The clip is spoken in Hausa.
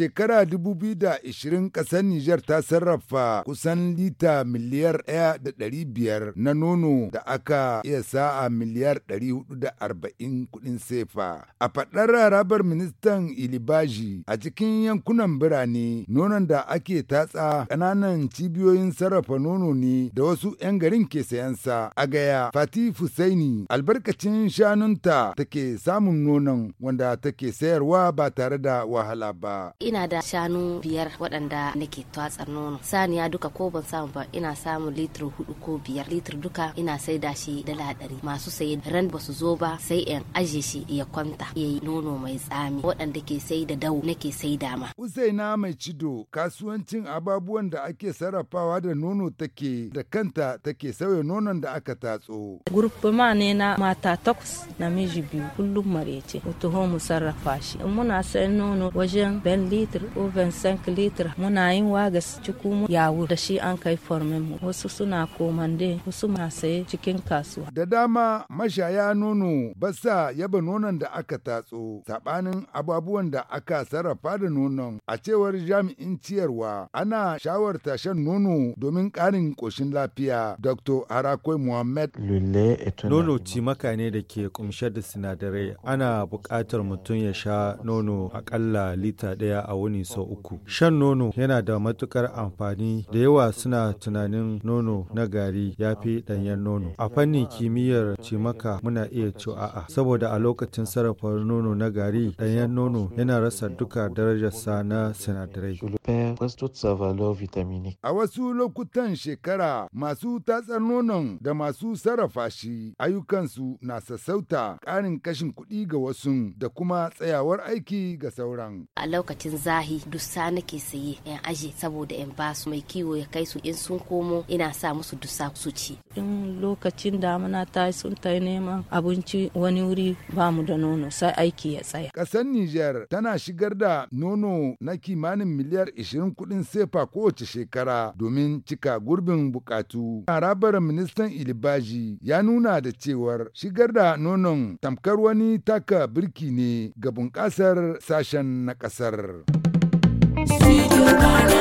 shekara 2020 ƙasar Nijar ta sarrafa kusan lita miliyar 1.500 na nono da aka iya sa'a miliyar 440 kuɗin sefa. A faɗar rabar ministan Ilibaji a cikin yankunan birane nonon da ake tatsa ƙananan cibiyoyin sarrafa nono ne da wasu 'yan garin ke sayansa a gaya Fati Fusaini albarkacin shanunta take samun nonon wanda take sayarwa ba tare da wahala ba. ina da shanu biyar waɗanda nake tatsar nono saniya duka ko ban samu ba ina samun litir hudu ko biyar litir duka ina sai da shi dala ɗari masu sayi ran ba su zo ba sai in aje shi ya kwanta ya yi nono mai tsami waɗanda ke sai da dau nake sai da ma. Usaina mai cido kasuwancin ababuwan da ake sarrafawa da nono take da kanta take sauya nonon da aka tatso. Gurfuma ne na mata takwas namiji biyu kullum marece mu mu sarrafa shi in muna sayan nono wajen Benli litre ko 25 litre muna yin wagas cikin yawo da shi an kai formin mu wasu suna komande wasu na saye cikin kasuwa da dama mashaya nono ba sa yaba nonon da aka tatso sabanin abubuwan da aka sarrafa da nonon a cewar jami'in ciyarwa ana shawarta shan nono domin karin koshin lafiya dr harakoi muhammad nono cimaka ne da ke kumshe da sinadarai ana buƙatar mutum ya sha nono akalla lita ɗaya a wuni sau uku. Shan nono yana da matukar amfani da yawa suna tunanin nono na gari ya fi ɗanyen nono. A fannin kimiyyar cimaka muna iya cewa a'a saboda a lokacin sarrafa nono na gari ɗanyen nono yana rasa duka sa na sinadarai. A wasu lokutan shekara masu tatsar nonon da masu sarrafa shi ayyukansu na sassauta ƙarin kashin kuɗi ga wasu da kuma tsayawar aiki ga sauran. A lokacin lokacin zahi dussa nake saye yan aje saboda yan ba su mai kiwo ya kai su in sun komo ina sa musu dusa su ci in lokacin damuna ta sun ta neman abinci wani wuri ba mu da nono sai aiki ya tsaya ƙasar Nijar tana shigar da nono na kimanin miliyar 20 kudin sefa kowace shekara domin cika gurbin bukatu harabar ministan ilibaji ya nuna da cewar shigar da nonon tamkar wani taka birki ne ga bunƙasar sashen na ƙasar. you want